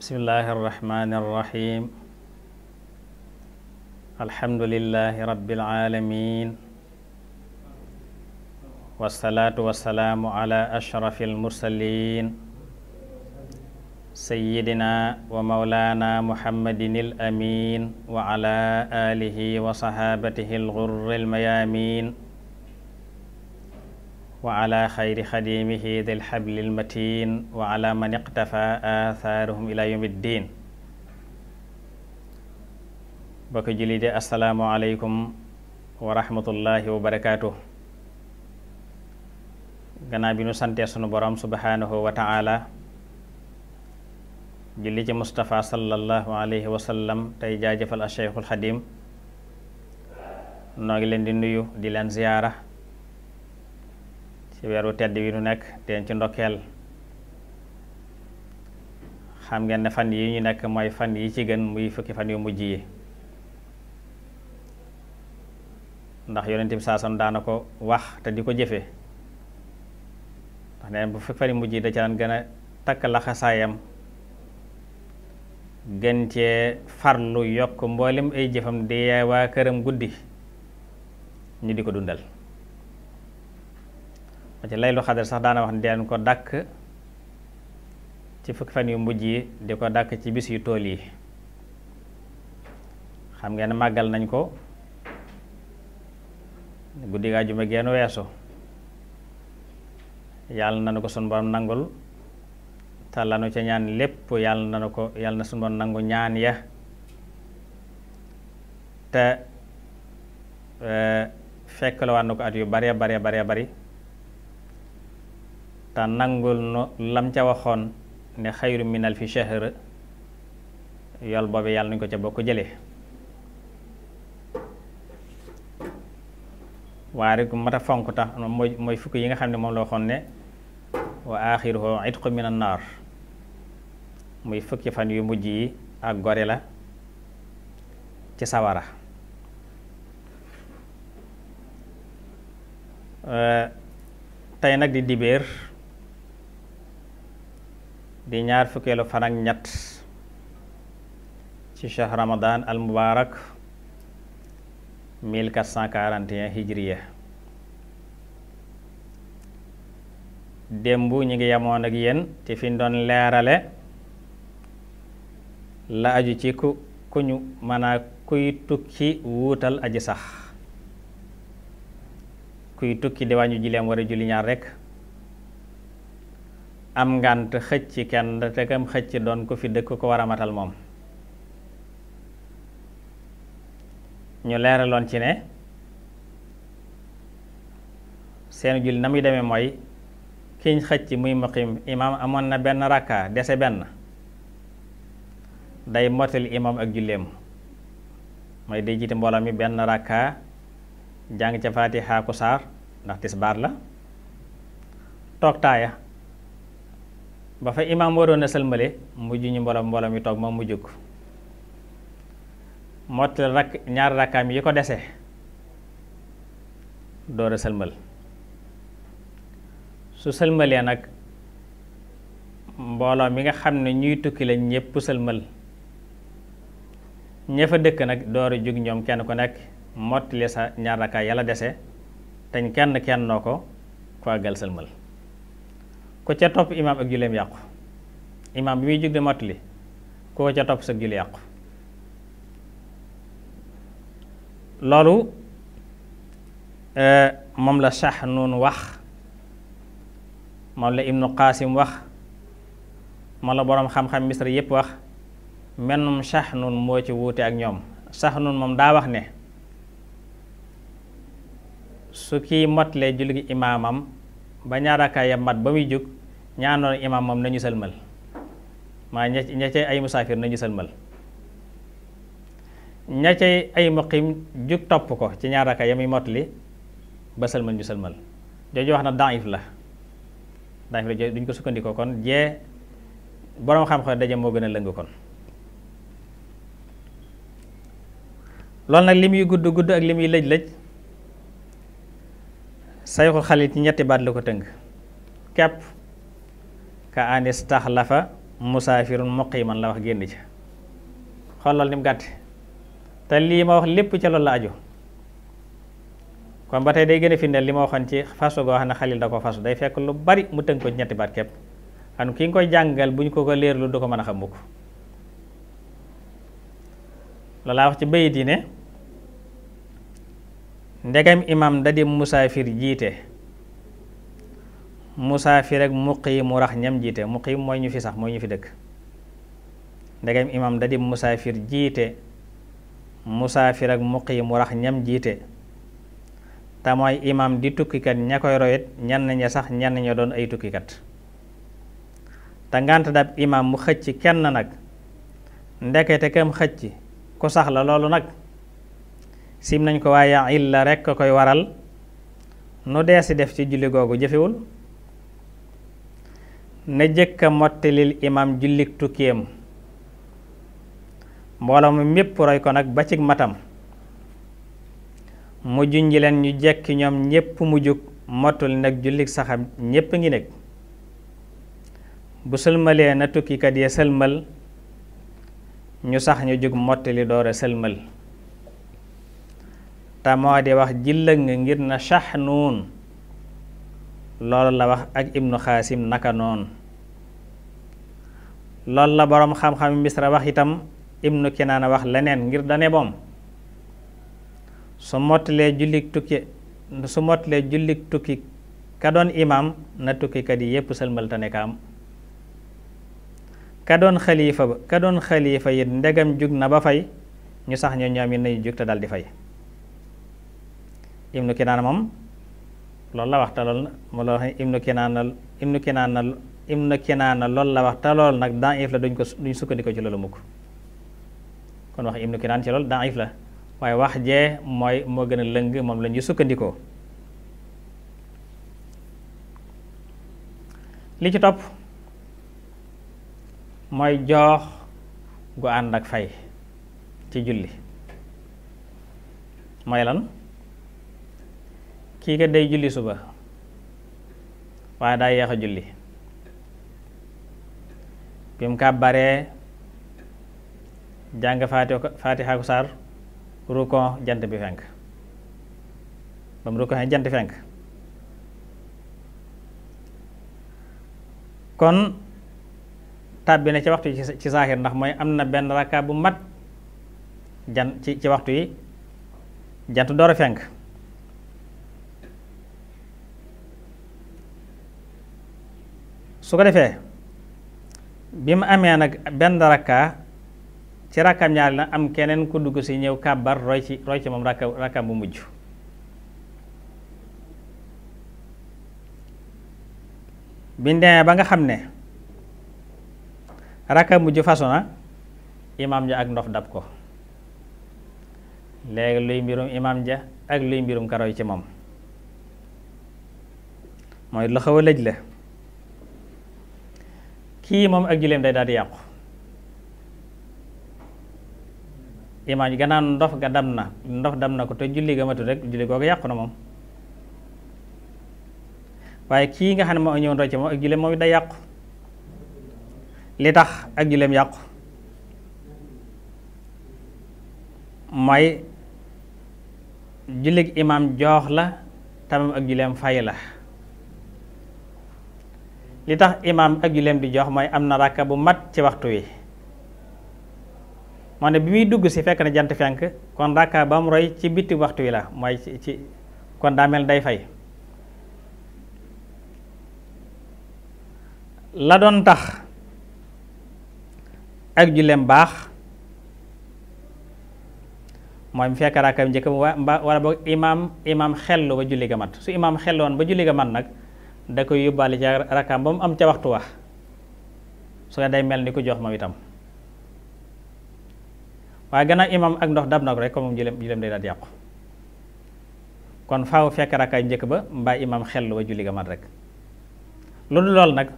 bismillahi arrahmani arrahim alhamdulilahi rabbil alamin wasalaatu wasalaamu ala ashrafi almursalin sayyidina wa mawlaana muhammadin al amiin wa ala aalihi wa sahaabatihi al ghurri al mayaamiin wa ala xayri xadimihi dil xabli al matiin wa ala man iqtafa athaaruhum ila yawmi ddin bokk julli de assalaamu aleykum wa rahmatullahi wa barakaatuh gannaaw bi nu santee sunu borom subhaanahu wa ta'ala julli ci Moustapha sallallahu alayhi wa tey jaajëfal a Cheikhul Xadim noo ngi leen di nuyu di leen ziyaara ci weeru tedd wi nu nekk teen ci ndokkeel xam ngeen ne fan yi ñu nekk mooy fan yi ci gën muy fukki fan yu mujj yi ndax yonent bi saa ko wax te di ko jëfe ndax neen bu fukki fan yu mujj yi da ci daan gën a takk laxasaayam gën cee farlu yokk mboolem ay jëfam di yaay waa këram guddi ñi di ko dundal ma ci laylu xadar sax daana wax ne ko dàkk ci fukki yu mujj yi di ko dàkk ci bis yu tool yi xam ngeen màggal nañ ko guddi gaa juma genn weesu yàlla nañu ko sun borom nangul te lanu ca ñaan lépp yàlla na ko yàlla na suñu doon nangu ñaan ya te e, fekk la waat na ko at yu bare bare bare bari te nangul nu lam ca waxoon ne xayru min alfi shahr yool boobu yàlla nañu ko ca bokk jëlee waaye rek mat fonk tax mooy mooy fukk yi nga xam ne moom la waxoon ne wa axiruhu itqu min an naar muy fukki fan yu mujj yi ak gore la ci sawara euh, tey nag di dibeer di ñaar fukkeelu fan ak ñett ci shahr ramadan al mubarak 1441 hijriya démb ñu ngi yamoon ak yéen te fi ñu leerale la aju ci ku ku ñu maanaa kuy tukki wuutal aji sax kuy tukki di wàññi julleem war a julli ñaar rekk am ngànt xëcc kenn te kam xëcc doon ko fi dëkk ko war a matal moom ñu leeraloon ci ne seen julli na muy demee mooy kiñ xëcc muy muqim imaam amoon na benn rakka dese benn day mottali imam ak julleem mooy day jiite mbooloo mi benn rakka jàng ca faatiha ku saar ndax tisbaar la toog taaya ba fa imaam waroon a sëlmale mujj ñu mbooloo mbooloo mi toog moom mu jóg mottali rakk ñaar rakkaam yi ko desee door a sëlmal su sëlmalee nag mbooloo mi nga xam ne ñuy tukki la ñépp sëlmal ña fa dëkk nag door jóg ñoom kenn ko nekk mottali sa ñaar rakkaa yàlla dese teñ kenn kenn noo ko ko àggal sëlmal ku ca topp imaam ak julleem yàqu imaam bi muy jóg di mottali koo ca topp sa julli yàqu loolu euh, moom la Saxnuun wax moom la Ibnu Qaasim wax moom la boroom xam-xam misra yépp wax mennum saxnun moo ci wuute ak ñoom saxnun moom daa wax ne su kii motlee julli imaamam ba ñaaraka ya mat ba muy jóg ñaanoon imaam moom nañu sëlmal maa ña cay ay musaafir nañu sëlmal ña cay ay muqim jug topp ko ci ñaaraka ya muy motli ba sëlmal ñu sëlmal jooju wax na daif la daif la duñ ko sukkandikoo kon jee boroom xam-xam daje moo gën a lëng kon lool nag lim muy gudd gudd ak li muy lëj lëj sayxu xalit ci ñetti baat la ko tënk kepp ka anis tax la fa yi muqiman la wax génn ci xool loolu ni mu gàtte te lii ma wax lépp ca loolu la aju kon ba tey day gën a firndeel li ma waxoon ci fasu goo xam ne xalil da ko fasu day fekk lu bari mu tënk ko ci ñetti baat kepp xam ki nga koy jàngal bu ñu ko ko leerlu du ko mën a xam mukk loolaa wax ci bayit yi ne ndegam imam da di musaafir jiite musaafir ak muqiim mu rax ñam jiite muqiim mooy ñu fi sax mooy ñu fi dëkk ndegem imam da di musaafir jiite musaafir ak muqiim mu rax ñam jiite te mooy imam di tukkikat ña koy royet ñenn ña sax ñenn ña doon ay tukkikat te ngànt dab imam mu xëcc kenn nag ndekete kam xëcc ku sax loolu nag sim nañ ko waaye illa rekk a koy waral nu deesi def ci julli googu jëfewul na jëkka mottalil imam jullik tukkiyam mbooloo mi mépp roy ko nag ba cig matam mu junji leen ñu jekki ñoom ñépp mu jug mottul nag jullik saxam ñépp ngi nekk bu sëlmalee na tukkikat yi sëlmal ñu sax ñu jug mottali doora sëlmal te moo di wax jillëg nga ngir na shaxnuun loolu la wax ak ibnu xaasim naka noonu loolu la boroom xam-xam misra wax itam ibnu kinaana wax leneen ngir dane boom su mottilee jullik tukki su mottilee jullik tukki ka doon imaam na tukkikat yi yépp sëlmal te nekkaam ka doon xalifa ba ka doon xalifa yi ndegam jug na ba fay ñu sax ñoo ñoom yi nañu jug te dal di ibnu kinaana moom loolu la wax te lool mu la wax ibnu kinaana ibnu kinaana ibnu kinaana loolu la wax te lool nag daif la duñ ko duñ sukkandikoo ci loolu mukk kon wax ibnu kinaan ci loolu daif la waaye wax jee mooy moo gën a lëng moom la ñuy sukkandikoo li ci topp mooy joox gu ànd ak fay ci julli mooy lan kii kat day julli suba waaye daa yeex a julli bi mu kàbbaree jàng faatiha ku saar rukon jant bi fenk ba mu rukon jant fenk kon tàbbi na ci waxtu yi ci saaxir ndax mooy am na benn rakka bu mat jant ci ci waxtu yi jant door fenk su ko defee bi mu amee nag benn rakka ci rakkaam ñaar la am keneen ku dugg si ñëw kàbbar roy ci roy ci moom rakka rakkaam bu mujj biñ ba nga xam ne rakka mujj façon na imaam ja ak ndof dab ko léegi luy mbirum imaam ja ak luy mbirum karoy ci moom mooy lu lëj la kii moom ak julleem day daal di yàqu imaam ji gannaaw ndof ga dam na ndof dam na ko te julli ga matul rek julli googu yàqu na moom waaye kii nga xam ne moo ñëw ndoo ci moom ak julleem moom day yàqu li tax ak julleem yàqu may jullig imaam joox la tamam ak julleem fay la li tax imaam ak juleem di jox mooy am na rakka bu mat ci waxtu wi moo bi muy dugg si fekk na jant fenk kon rakka ba mu roy ci biti waxtu wi la mooy ci ci kon daa day fay la doon tax ak juleem baax mooy mu fekk rakka bi njëkk ba wala boog imaam imaam xellu ba julli ga mat su imaam xelloon ba julli ga mat nag da koy yóbbaale ca rakkaam ba mu am ca waxtu wax su ko day mel ni ku jox moom itam waaye gannaaw imam ak ndox dab na ko rek ko moom julleem julleem day daal yàqu kon faaw fekk rakkaay njëkk ba mbaa imam xel wa julli ga mat rek lu dul lool nag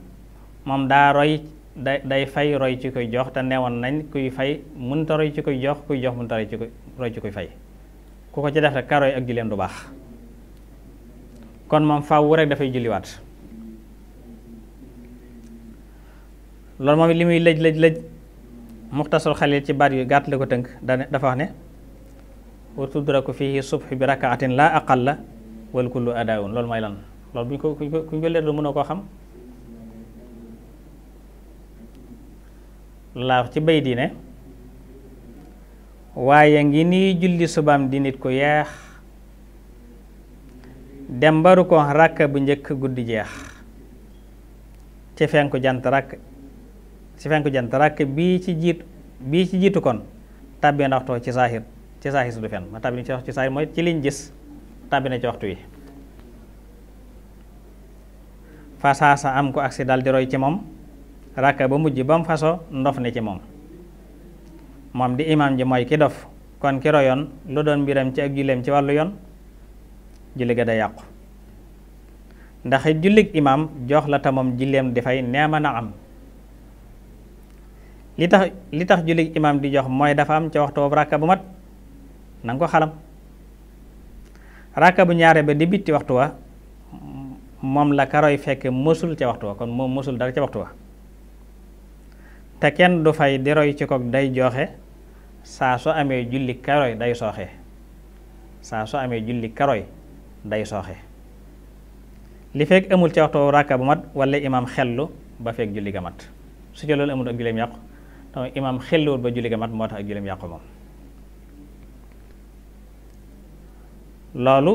moom daa roy day day fay roy ci koy jox te woon nañ kuy fay mënta roy ci koy jox kuy jox mënta roy ci koy roy ci koy fay ku ko ci def rek ka roy ak julleem du baax kon moom faaw rek dafay julliwaat loolu moom li muy lëj lëj lëj muxtasar xalil ci baat yu gàtt la ko tënk dafa wax ne wa tudraku fihi subh bi rakaatin la aqalla wal kullu adaawun loolu mooy lan loolu bu ñu ko ku ñu ko leerlu mënoo koo xam laa ci bay diine waaye ngi nii julli subaam di nit ku yeex dem baru ko rakk bu njëkk guddi jeex ci fenku jant rakk ci fenku jant rakk bii ci jiit bii ci jiitu kon tàbbi na waxtu ci saaxir ci saaxir si du fen tàbbi na ci waxtu ci saaxir gis tàbbi na ci waxtu wi fa saasa am ko agsi dal roy ci moom rakk ba mujj ba mu faso ndof ne ci moom moom di imaam ji mooy ki dof kon ki royoon lu doon mbiram ci ak julleem ci wàllu yoon julli ga day yàqu ndax jullig imaam jox la tamam julleem dafay neema na am li tax li tax jullig imaam di jox mooy dafa am ca waxtu boobu ràkka bu mat na ko xalam ràkka bu ñaare ba di bitti waxtu wa moom la karoy fekk mësul ca waxtu wa kon moom mësul dara ca waxtu wa te kenn du fay di roy ci kook day joxe saa su amee julli karoy day sooxe saa su amee julli karoy day sooxe li fekk amul ci waxtu ràkka bu mat wala imaam xellu ba fekk julli ga mat su ci loolu amul ak julleem yàqu tam imaam xelluwul ba julli ga moo tax ak julleem yàqu moom loolu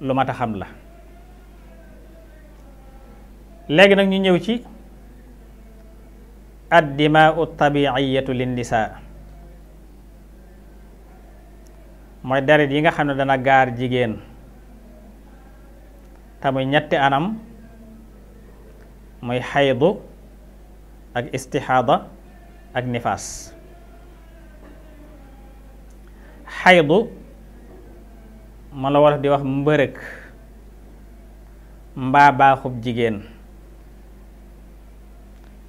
lu mat a xam la léegi nag ñu ñëw ci ad dimaa u tabiiyatu linnisaa mooy deret yi nga xam ne dana gaar jigéen te ñetti anam muy xaydu ak istixaada ak nifaas xaydu ma la wolof di wax mbërëg mbaa baaxub jigéen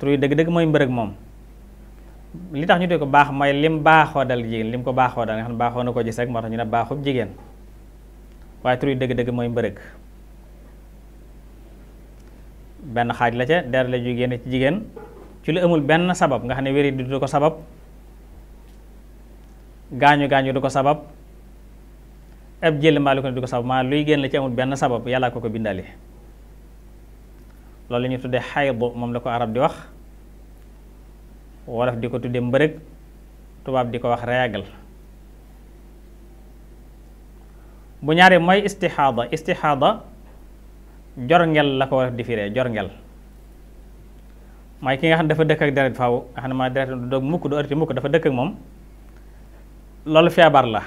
tur yi dëgg-dëgg mooy mbërëg moom li tax ñu dee ko baax mooy lim baaxoo dal jigéen lim ko baaxoo dal nga xam ne baaxoo na ko gis rek moo tax ñu ne baaxub jigéen waaye tur dëgg-dëgg mooy mbërëg benn xaaj la ca der la ju génn ci jigéen ci lu amul benn sabab nga xam ne wéri du ko sabab gaañu gaañu du ko sabab ab jël maa lu ko ne du ko sabab maa luy génn la ci amul benn sabab yàlla ko ko bindaale loolu ñu tuddee bo moom la ko arab di wax wolof di ko tudde mbërëg tubaab di ko wax reyagal bu ñaare mooy istixaada istixaada jorngel la ko wolof di firee jorngel mooy ki nga xam ne dafa dëkk ak deret faaw nga xam ne maa deret du dog mukk du ërti mukk dafa dëkk ak moom loolu feebar la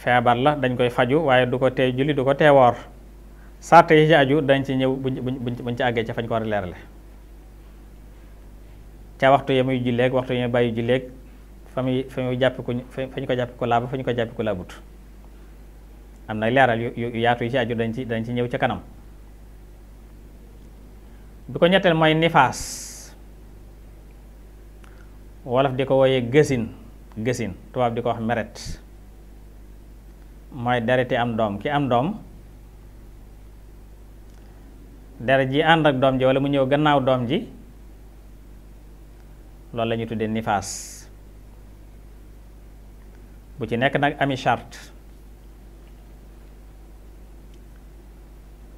feebar la dañ koy faju waaye du ko tee julli du ko tee woor sarte yi ci aju dañ ci ñëw bu buñ buñ buñ ci àggee ci fañ ko war a leerale ca waxtu ya muy julleeg waxtu ya muy bàyyi julleeg fa muy fa muy jàppe ko fa ñu ko jàppe ko fa ñu ko jàppe laabut am na leeral yu yaatu ci aju dañ ci dañ ci ñëw ca kanam bi ko ñetteel mooy nifaas wolof di ko wooyee gësin gësin tubaab di ko wax meret mooy dereti am doom ki am doom deret ji ànd ak doom ji walla mu ñëw gannaaw doom ji loolu la ñuy tuddee nifaas bu ci nekk nag ami charte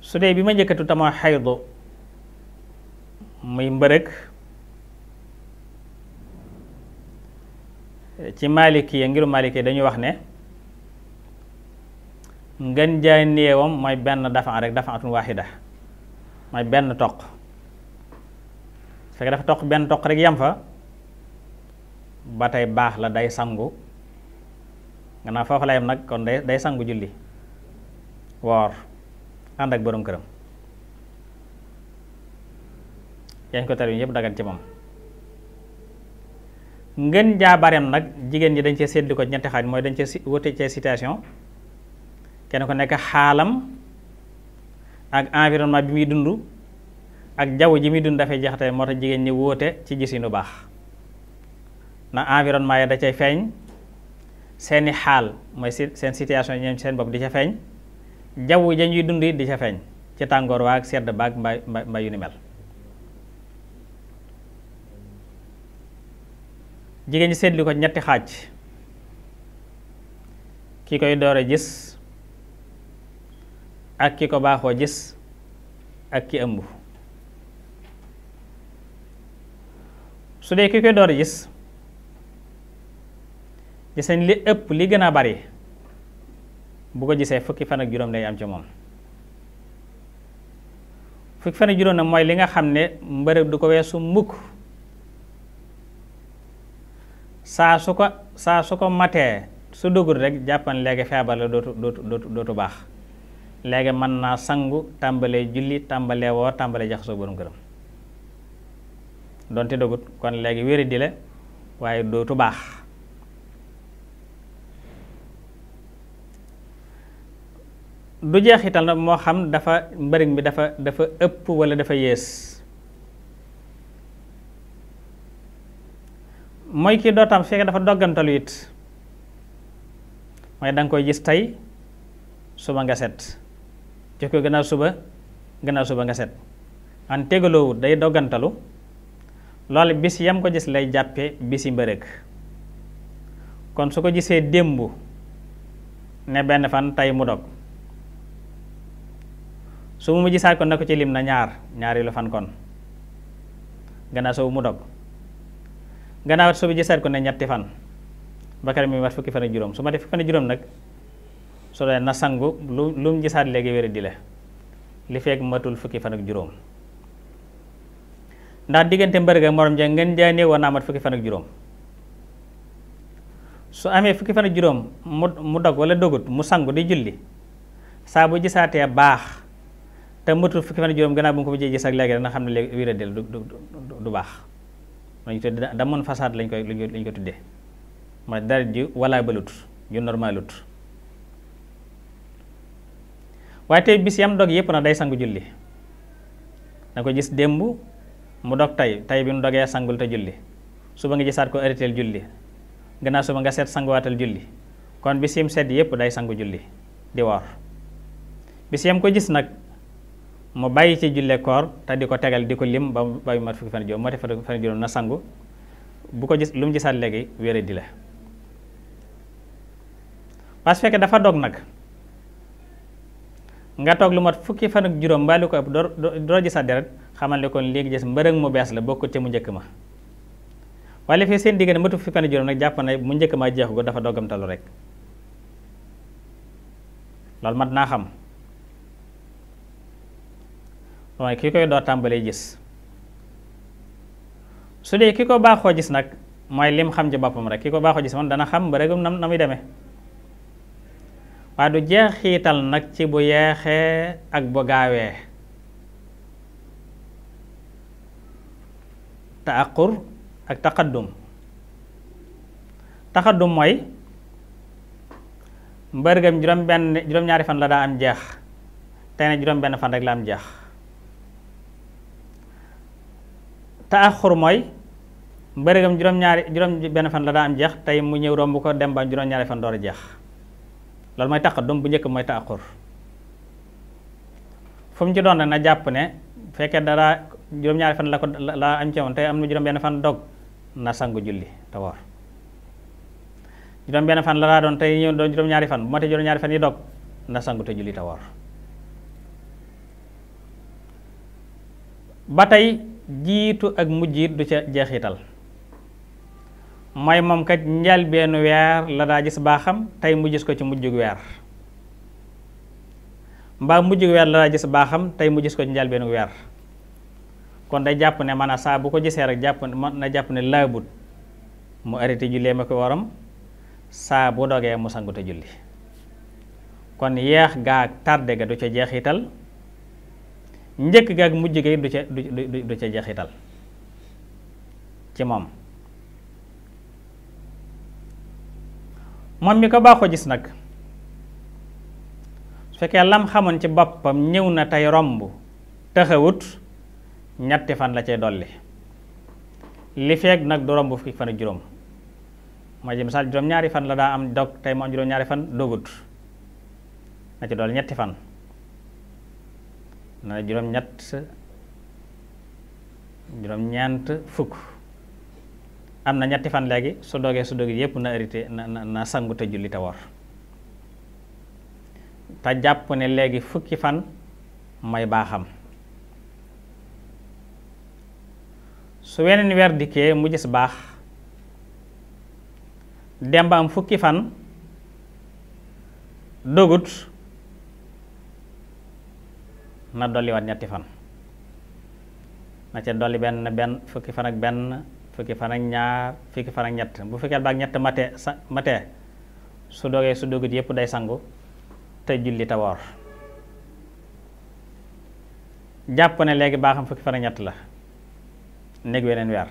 su dee bi ma njëkkatu tama xaydu muy mbërëg ci maliki ya ngiru maliki dañuy wax ne ngën jaay néewam mooy benn dafan rek dafaatun waaxida mooy benn toq fekk dafa toq benn toq rek yam fa ba tey baax la day sangu gannaaw foofu la yem nag kon day day sangu julli woor ànd ak boroom këram yañ ko tere yëpp dagan ci moom ngeen jaa bareem nag jigéen ñi dañ cee séddi ko ñetti xaaj mooy dañ cee wute cee situation kenn ku nekk xaalam ak environnement bi muy dund ak jaw ji muy dund dafay jaxate moo tax jigéen ñi wóote ci gis yu baax na environnement yi da cay feeñ seeni xaal mooy seen situation ñoom seen bopp di ca feeñ jaww ja ñuy dund di ca feeñ ci tàngoor waag sedd baag mba mba yu ni mel jigéen ñi seetlu ko ñetti xàcc ki koy door a gis ak ki ko baaxoo gis ak ki ëmb su dee ki koy door a gis gis li ëpp li gën a bari bu ko gisee fukki fan ak juróom lay am ci moom fukki fan ak nag mooy li nga xam ne mbërëg du ko weesu mbukk saa su ko saa su ko matee su dugul rek jàppan léegi feebar la dootu dootu dootu baax léegi mën naa sangu tàmbalee julli tàmbalee woor tàmbalee jaxasoo borom këram donte dugut kon léegi wéri di la waaye dootu baax du jeexital na moo xam dafa mbëriñ mi dafa dafa ëpp walla dafa yées mooy kii dootam fekk dafa doggantalu it mooy danga koy gis tey suba nga set jox ko gannaaw suba gannaaw suba nga set an day doggantalu loolu bis yam ko gis lay jàppe bisi mbërëg kon su ko gisee démb ne benn fan tey mu dog su mu mujj saat kon na ko ci lim na ñaar ñaari lu fan kon gannaaw soobu mu dog gannaaw su mu mujj saat kon ne ñetti fan bakar mi fukki fan juróom su ma def fukki fan ak juróom nag su na sangu lu lu mu gisaat matul fukki fan juróom ndax diggante mbërëg ak morom ja ngeen jaay néew war naa mat fukki fan ak juróom su amee fukki fan ak juróom mu mu dog wala dogut mu sangu di julli saa bu gisaatee baax te mëtu fukki fan ak juróom gannaaw bu mu ko bëjee gis ak léegi dana xam ne léegi wéra del du du baax lañu tuddee damoon façade lañ koy lañ ko tuddee mooy dara ju walaa balut ju normalut waaye tey bis yam dog yëpp na day sangu julli da ko gis démb mu dog tey tey bi mu dogee sangul te julli suba nga gisaat ko arrêteel julli gannaaw suba nga seet sanguwaatal julli kon bis yim sedd yëpp day sangu julli di woor bis ko gis nag mu bàyyi ci julle koor te di ko tegal di ko lim ba ba mat fukki fan juróom moo te fan juróom na sangu bu ko gis lu mu gisaat léegi wére di la parce que dafa dog nag nga toog lu mat fukki fan ak juróom mbaa ko ëpp doo doo gisaat deret xamal ne kon léegi gis mbërëg mu bees la bokkut ci mu njëkk ma wala fii seen diggante matu fukki fan juróom nag jàpp na mu njëkk ma jeexu ko dafa doggamtalu rek loolu mat naa xam mooy ki koy door tàmbalee gis su dee ki ko baaxoo gis nag mooy lim xam ci boppam rek ki ko baaxoo gis moom dana xam mbërëgum nam na muy demee waaye du jeexiital nag ci bu yeexee ak bu gaawee taaqur ak taqaddum taxaddum mooy mbërëgam juróom benn juróom-ñaari fan la daa am jeex tey ne juróom benn fan rek la am jeex taaxur mooy mbërëgam juróom-ñaari juróom benn fan la daa am jeex tey mu ñëw room bu ko dem ba juróom-ñaari fan door a jeex loolu mooy taqaddum bu njëkk mooy taaxur fu doon na jàpp ne fekkee dara juróom fan la la am ci am na juróom benn fan dog na sangu julli te woor juróom benn fan la daa doon tey ñëw doon juróom-ñaari fan bu matee juróom-ñaari fan yi dog na sangu te julli te woor ba tey jiitu ak mujj it du ca jeexital mooy moom kat njaal benn weer la daa gis baaxam tey mu ko ci mujj weer mbaa mujjug weer la daa baaxam tey mu ko ci njaal weer kon day jàpp ne maanaam saa bu ko gisee rek jàpp mën na jàpp ne laabut mu arrêté jullee ma ko waram saa bu dogee mu sangu te julli kon yeex gaag tàrde ga du ca jeexital njëkk ga ak mujj ga du ca du ca jaxital ci moom moom mi ko baaxoo gis nag su fekkee lam xamoon ci boppam ñëw na tey romb taxawut ñetti fan la cay dolli li feeg nag du romb fukki fan ak juróom mooy ji misaal juróom-ñaari fan la daa am dog tey moom juróom-ñaari fan dogut na ci dolli ñetti fan na juróom-ñett juróom-ñeent fukk am na ñetti fan léegi su dogee su dogee yépp na arité na na sangu te julli te te jàpp ne léegi fukki fan may baaxam su weneen weer dikkee mu jis baax dem fukki fan dogut na dolliwaat ñetti fan na ca dolli benn benn fukki fan ak benn fukki fan ak ñaar fukki fan ak ñett bu fekkee baag ñett mate su dogee su dogut yépp day sangu te julli te jàpp ne léegi baa fukki fan ak ñett la néeg weneen weer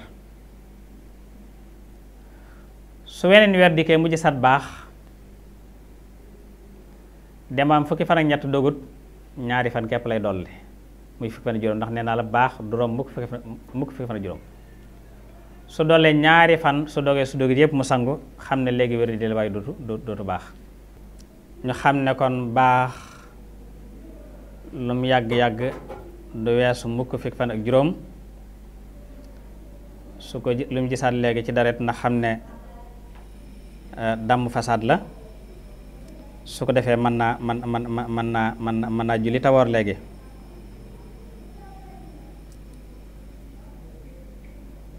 su weneen weer dikkee mujj sat baax demaam fukki fan ak ñett dogut ñaari fan kepp lay dolli muy fukki fan juróom ndax nee naa la baax du romb mukk fukki fan mukk juróom su doolee ñaari fan su dogee su dogee yëpp mu sangu xam ne léegi wér di la waaye dootu dootu baax ñu xam ne kon baax lu mu yàgg-yàgg du weesu mukk fukki fan ak juróom su ko lu mu gisaat léegi ci daret ndax xam ne euh, dàmm fasaad la su ko defee mën naa man man mën naa mën na mën naa julli tawoor léegi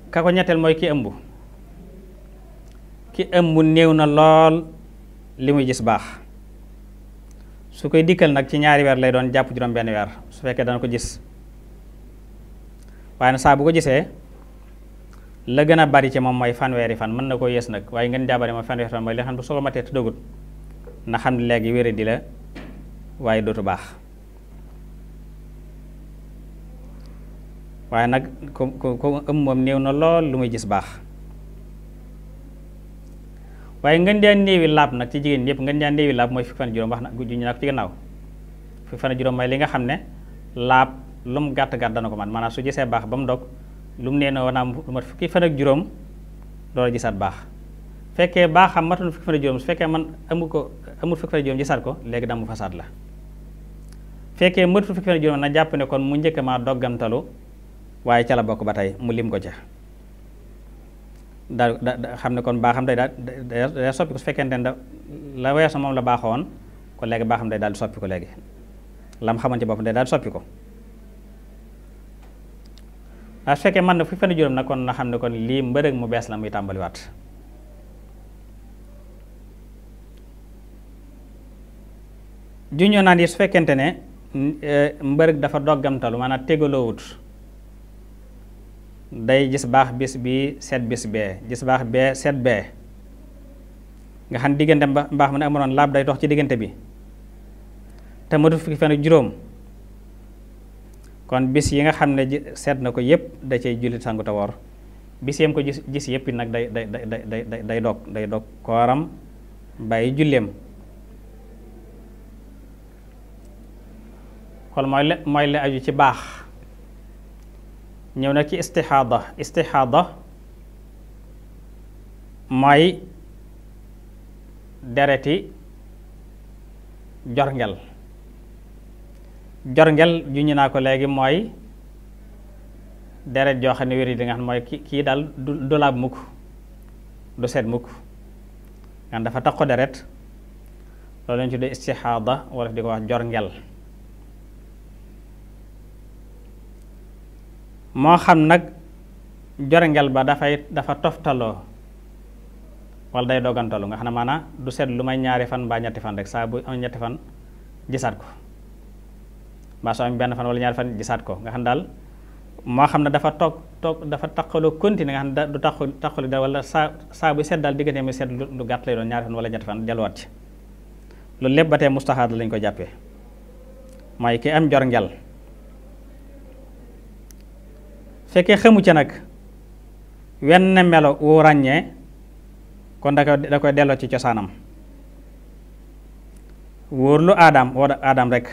ka ko ñetteel mooy ki ëmb ki ëmb néew na lool li muy gis baax su koy dikkal nag ci ñaari weer lay doon jàpp juróom benn weer su fekkee dana ko gis waaye na saa bu ko gisee la gën a bari ci moom mooy fanweeri fan mën na koo yées nag waaye ngeen jàppale ma fanweeri fan mooy li xam ne soo ko matee te dëggut na xam ne léegi wére di la waaye dootu baax waaye nag ku ku ku ëm néew na lool lu muy gis baax waaye ngeen daan néewi laab nag ci jigéen yëpp ngeen daan néewi laab mooy fukki fan juróom wax na juñu naa ko ci gannaaw fukki fan juróom may li nga xam ne laab lu mu gàtt gàtt dana ko man maanaam su gisee baax ba mu dog lu mu nee na wanaam lu mat fukki fan ak juróom doo gisaat baax fekkee baaxam matul fukki fan ak juróom su fekkee man amu ko amul fukki fan ak juróom ko léegi damu fasaad la fekkee matul fukki fan ak juróom na jàpp ne kon mu njëkk maa doggantalu waaye ca la bokk ba tey mu lim ko ca da da xam ne kon baaxam day daal day soppi ko su fekkente la weesu moom la baaxoon kon daal soppi ko léegi lam xamoon ci day daal di soppi ko su fekkee man na fukki fan ak juróom nag kon na xam ne kon lii mbërëg mu bees la muy tàmbaliwaat juñoo naan yi su fekkente ne mm, eh, mbërëg dafa doggamtalu maanaam tegaloowut day gis baax bis bi set bis bee gis baax bee set bee nga xam ne diggante mbaax ma ne amoon laab day dox ci diggante bi te matu fukki fan juróom kon bis yi nga xam ne seet na ko yëpp da cay jullit sangu te woor bis yam ko gis gis yëpp nag day day day day day dog day dog kooram bàyyi julleem kon mooy la mooy la aju ci baax ñëw na ci istixaada istixaada mooy dereti jorngel jorngel juñu naa ko léegi mooy deret joo xam ne wér di nga xam mooy ki kii daal du laab mukk du seet mukk nga dafa tax ko deret loolu lañu tuddee istixaada walla di ko wax jorngel moo xam nag jorngel ba dafay dafa toftaloo wala day dogantalu nga xam ne maanaam du seet lu may ñaari fan mbaa ñetti fan rek saa bu am ñetti fan gisaat ko mbaa soo am benn fan wala ñaari fan gisaat ko nga xam daal moo xam ne dafa toog toog dafa taqaloo continué du taqu taqalu dal wala saa saa bu seet daal diggante seet lu gàtt lay doon ñaari fan wala ñetti fan delluwaat ci loolu lépp ba tey mustahaad lañ ko jàppee mooy ki am jorngel fekkee xamu ca nag wenn melo wu ràññee kon da koy da koy delloo ci cosaanam wóorlu aadam wala aadam rek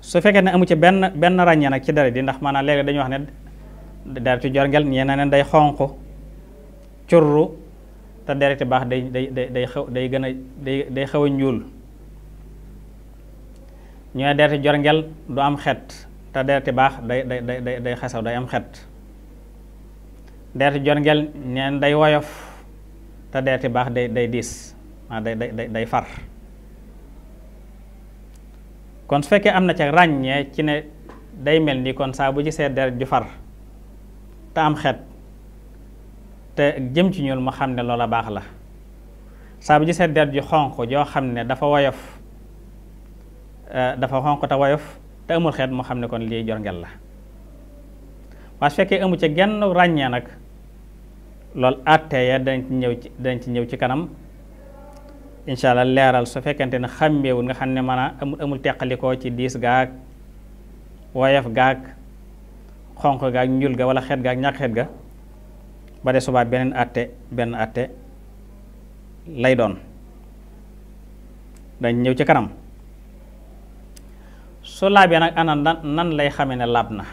su fekkee ne amu ci benn benn ràññee nag ci dara di ndax maanaam léegi dañuy wax ne deretu jorngel ñee na ne day xonq curru te dereti baax day day day xaw day gën a day day xaw a ñuul ñu ne deretu du am xet te dereti baax day day day day day am xet dereti jorngel neen day woyof te dereti baax day day diis maa day day far kon su fekkee am na ca ràññee ci ne day mel ni kon saa bu gisee deret ju far te am xet te jëm ci ñuul mu xam ne loola baax la saabu bu gisee deret ju xonq joo xam ne dafa woyof eh, dafa xonq te woyof te amul xeet moo xam ne kon lii jor ngel la waaye su fekkee amu ca genn ràññee nag lool àtte ya dañ ci ñëw ci dañ ci ñëw ci kanam incha leeral su fekkente ne xàmmeewul nga xam ne mën a amul amul teqalikoo ci diis gaag woyof gaag xonq gaag ñuul ga wala xeet gaag ñàkk xeet ga ba de subaa beneen àtte benn àtte lay doon dañ ñëw ci kanam su laabee nag ana nan lay xamee ne laab na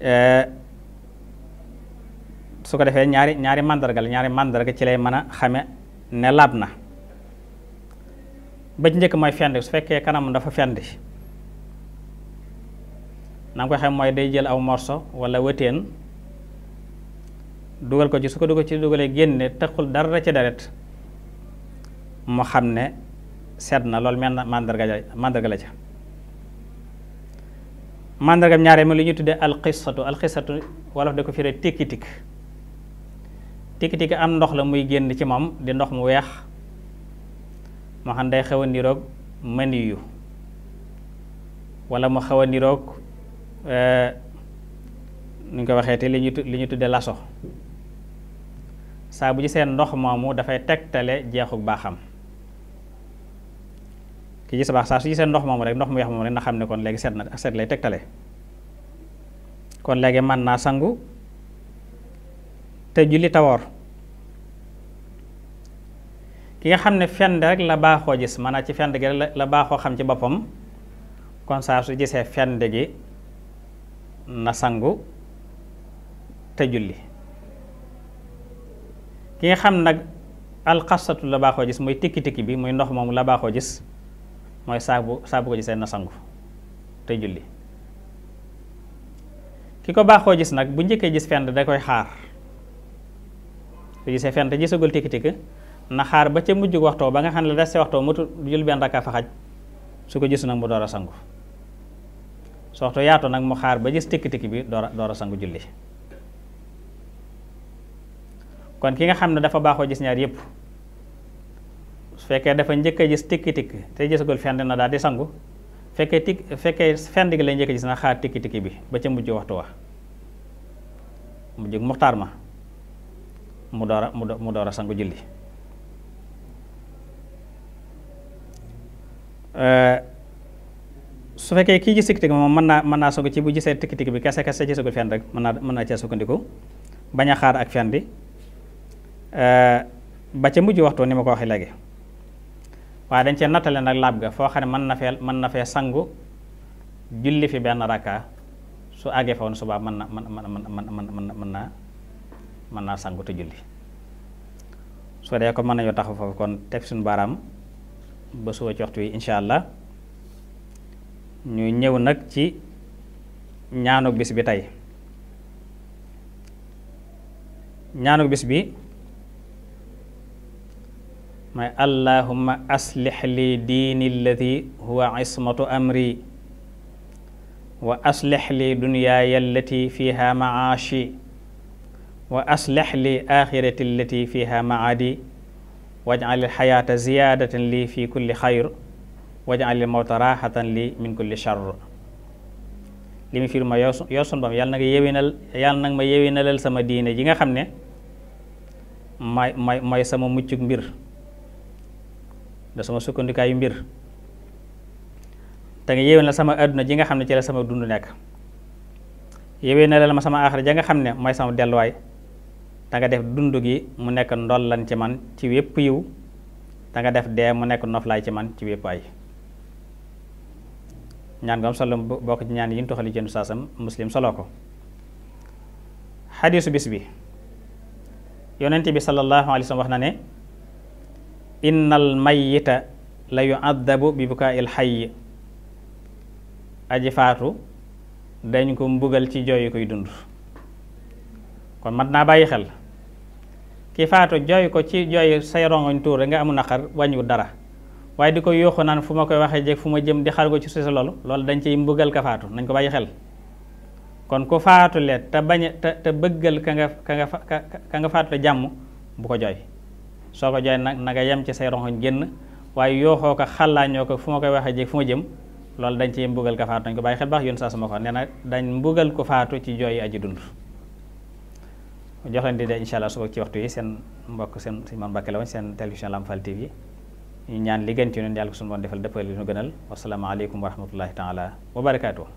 eh, su ko defee ñaari ñaari màndarga la ñaari màndarga ci lay mën a xame ne laab na ba njëkk mooy fendi su fekkee kanam dafa fendi na koy xam mooy day jël aw morso walla wëteen dugal ko ci su ko dugal ci dugalee génne taxul dara ci deret mu xam ne sedd na lool mel na mandarga la la ca mandargam ñaare mi li ñuy tuddee alxisatu alxisatu wolof da ko firee tikki tikk am ndox la muy génn ci moom di ndox mu weex moo xam day xew a niroog maniyu wala mu xaw a niroog eh, nu ñu ko waxee te li ñu li ñuy tuddee laso saa bu seen ndox moomu dafay tegtale jeexu baaxam ki gis baax saa su gisee ndox moomu rek ndox mu weex moomu rek na xam ne kon léegi set na ak set lay tegtale kon léegi mën naa sangu te julli tawoor ki nga xam ne fend rek la baaxoo gis maanaam ci fend gi la baaxoo xam ci boppam kon saa su gisee fend na sangu te julli ki nga xam nag alxasatu la baaxoo jis muy tikki tikki bi muy ndox moomu la baaxoo jis mooy saabu saabu ko gisee na sangu te julli ki ko baaxoo gis nag bu njëkkee gis fenn da koy xaar bu gisee fenn te gisagul tikk-tikk na xaar ba ca mujj waxtoo ba nga xam ne des ci waxtoo mu jul benn rakka fa xaj su ko gisu nag mu door a sangu su waxtu yaatu nag mu xaar ba jis tikk-tikk bi door a sangu julli kon ki nga xam ne dafa baaxoo gis ñaar yépp fekkee dafa njëkk a gis tikki tikki te gisagul fend na daal di sangu fekkee tik fekkee fend gi lay njëkk a gis na xaar tikki tikki bi ba ca mujj waxtu wa mujj muxtaar ma mu door a mu door a sangu julli su kii gis tikki mën naa mën naa sangu ci bu gisee tikki bi kese kese gisagul fend rek mën mën naa cee sukkandiku bañ a xaar ak fendi ba ca mujj waxtu ni ma ko waxee léegi waa dañ cee nattale nag laab ga foo xam ne mën na fee mën na fee sangu julli fi benn rakka su àggee fa woon subaa mën na mën mën mën mën naa mën naa sangu te julli soo dee ko mën nañoo taxaw foofu kon teg suñu baaraam ba suba ci wi incha allah ñu ñëw nag ci ñaanu bis bi tey ñaanu bis bi mooy allahumma aslix li diini alladi huwa ismatu amri wa aslix li dunyaaya allati fiha maashi wa aslix li axirati allati fiha maadi wajcal alxayaata ziyaadatan li fi kulli xayr wajcal almawta raaxatan li min kulli charr li mu fiir ma yow yow sun yewinal yàlla nag ma yewinalal sama diine ji nga xam ne mooy sama muccug mbir da sukkandikaayu mbir te nga yéwén la sama àdduna ji nga xam ne ci la sama dund nekk yéwén na la ma sama aaxira ja nga xam ne mooy sama delluwaay danga def dund gi mu nekk ndollan ci man ci wépp yiw danga def dee mu nekk noflaay ci man ci wépp ay ñaan nga am solo bokk ci ñaan yi ñu toxali saasam muslim solo ko xadiisu bis bi yonent bi sallallahu alayhi wa wax na ne innal mayyita la yu àddabu bi bukaa il xayyi aji faatu dañ ko mbugal ci jooyu koy dund kon mat naa bàyyi xel ki faatu jooy ko ci jooy say rongoñ tuur nga amu naqar wàññiwut dara waaye di ko yooxu naan fu ma koy waxee jeg fu ma jëm di xar ko ci suusa loolu loolu dañ ciy mbugal ka faatu nañ ko bàyyi xel kon ku faatule te bañ te te bëggal ka nga ka nga ka nga faatule jàmm bu ko jooy soo ko jooy nag na nga yem ci say rongoñ génn waaye yooxoo ko xàllaañoo ko fu ma koy waxee jeeg fu ma jëm loolu dañ ci mbugal ko faatu dañ ko baay xel baax yoon saa suma ko nee na dañ mbugal ko faatu ci jooy aji dund jox leen di dee incha allah suba ci waxtu yi seen mbokk seen seen la woon seen ñu ñaan li gën ci ñun yàlla defal dëppal li gënal wasalaamaaleykum wa rahmatullahi taala wa barakaatu